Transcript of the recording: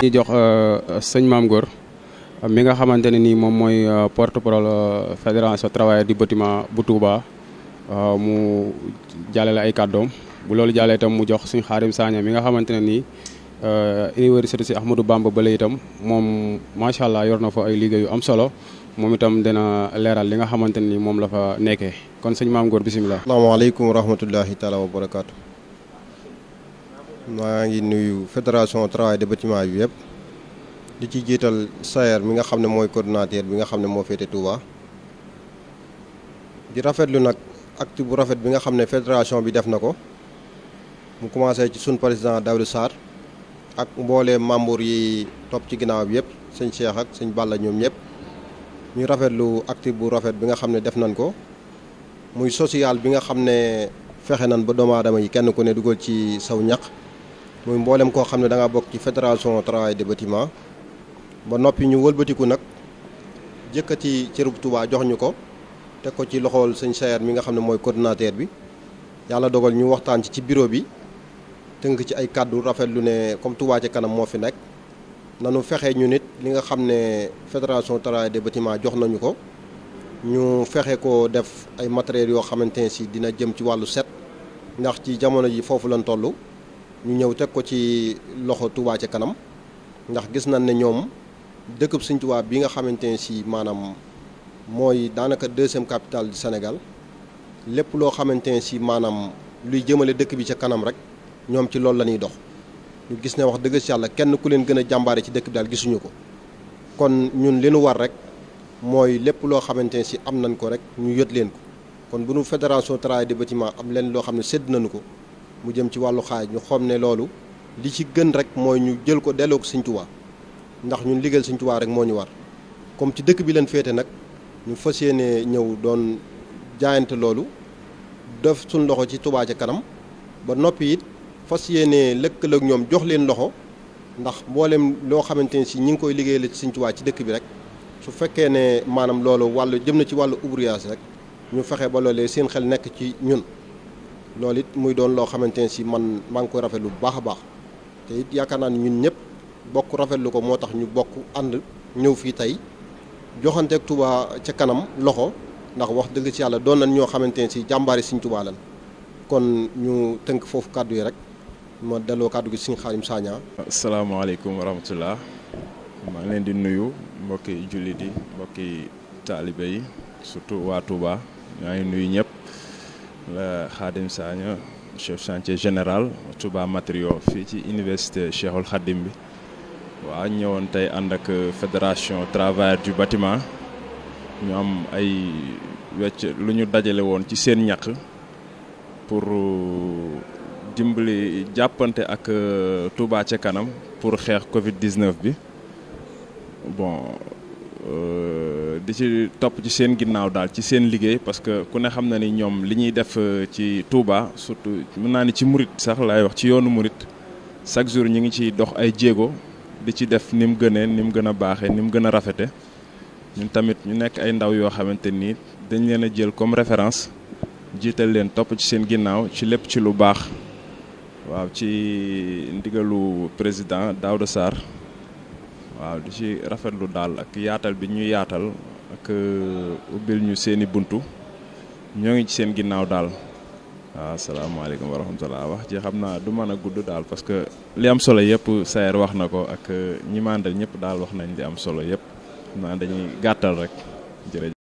di jox euh, sëñ Maam Góor mi nga xamante ne nii moom mooy euh, porte parole euh, fédération travailleurs di bâtiment bu Touba mu jàllale ay kàddoom bu loolu jàllee itam mu jox suñ xaarim Saña mi nga xamante ne nii université si Ahmadou Bamba Bale itam moom macha allah yor na fa ay liggéeyu am solo moom itam dina leeral li nga xamante ne nii moom la fa nekkee kon suñ Maam Góor bisimilah. asalaamaaleykum wa rahmatullahi taala wa barakaatu. maa ngi nuyu fédération travail de bâtiment bi yëpp li ci jiital Sayer mi nga xam ne mooy coordinateur bi nga xam ne moo féete Touba di rafetlu nag active bu rafet bi nga xam ne fédération bi def na ko mu commencé ci sun président Daoud sar ak mboolee membre yi topp ci ginnaaw bi yëpp sëñ Cheikh ak sëñ Balla ñoom ñëpp ñu rafetlu active bu rafet bi nga xam ne def nañ ko muy social bi nga xam ne fexe nañ ba doomu aadama yi kenn ku ne dugal ci saw ñaq muy mboolem koo xam ne da bokk ci fédération travail de bâtiment ba noppi ñu wëlbatiku nag jëkkati cërub Touba jox ñu ko te ko ci loxool sëñ Sayer mi nga xam ne mooy coordinateur bi yàlla dogal ñu waxtaan ci ci bureau bi tënk ci ay kàddu lu ne comme Touba ci kanam moo fi nekk nanu fexe ñu nit li nga xam ne fédération travail de jox nañu ko ñu fexe ko def ay matériels yoo xamante ne si dina jëm ci wàllu set ndax ci jamono ji foofu lañ toll ñu ñëw teg ko ci loxo Touba ca kanam ndax gis na ne ñoom dëkkub Sëñ Touba bi nga xamante ne si maanaam mooy daanaka deuxième capitale du Sénégal lépp loo xamante ne si maanaam luy jëmale dëkk bi ca kanam rek ñoom ci loolu la ñuy dox ñu gis ne wax dëgg si yàlla kenn ku leen gën a jàmbaare ci dëkk bi daal gisuñu ko kon ñun li nu war rek mooy lépp loo xamante ne si am nañ ko rek ñu yët leen ko kon bu nu fédération travail des bâtiments am leen loo xam ne sédd nañu ko mu jëm ci wàllu xaaj ñu xoom ne loolu li ci gën rek mooy ñu jël ko dellook ko ndax ñun liggéeyal Sëñ Tuubaa rek moo ñu war comme ci dëkk bi leen féete nag ñu fas yéene ñëw doon jaayante loolu def suñ loxo ci Tuubaa ca kanam ba noppi it fas yéene lëkkaloog ñoom jox leen loxo ndax mboolem loo xamante ne si ñi ngi koy liggéeyal ci Sëñ ci dëkk bi rek su fekkee ne maanaam loolu wall jëm na ci wàllu ouvrage rek ñu fexe ba loolee seen xel nekk ci ñun loolu it muy doon loo xamante ne si man maa ngi koy rafetlu bu baax a baax te it yaakaar naa ni ñun ñëpp bokk rafetlu ko moo tax ñu bokk ànd ñëw fii tey joxanteeg tubaa ca kanam loxo ndax wax dëgg ci yàlla doon na ñoo xamante ne si jàmbaari Sëriñ lan kon ñu tënk foofu kàddu yi rek ma delloo kàddu gi Sëriñ Xaadim Saña. asalaamaaleykum wa maa ngi leen di nuyu mbokki jullit yi mbokki taalibe yi surtout waa Touba maa ngi nuyu ñëpp. la Khadim Sagna chef chantier général Touba Matériaux fii ci université Cheikhul Khadim bi waaw ñëwoon tey ànd ak fédération travailleurs du bâtiment ñu am ay wecc lu ñu dajale woon ci seen ñàq pour dimbali jàppante ak Touba ca kanam pour xeex Covid 19 bi bon. Euh, di ci topp ci seen ginnaaw daal ci seen liggéey parce que ku ne xam na ni ñoom li ñuy def euh, ci Touba surtout mun naa ni ci murit sax laay wax ci yoonu murit chaque jour ñu ngi ciy dox ay jéego di ci def ni mu gënee ni mu gën a baaxee ni mu gën a rafete ñun tamit ñu nekk ay ndaw yoo xamante ni dañ leen a jël comme référence jiital leen topp ci seen ginnaaw ci lépp ci lu baax waaw ci ndigalu président Daouda Sarr waaw di ci rafetlu daal ak yaatal bi ñu yaatal ak euh, ubbil ñu seeni buntu ñoo ngi ci seen ginnaaw daal waaw asalaamaaleykum wa rahmatulah wax ji xam naa du mën a gudd daal parce que li am solo yëpp Saer wax na ko ak euh, ñi ma àndal ñëpp daal wax nañ li am solo yëpp xam dañuy gàttal rek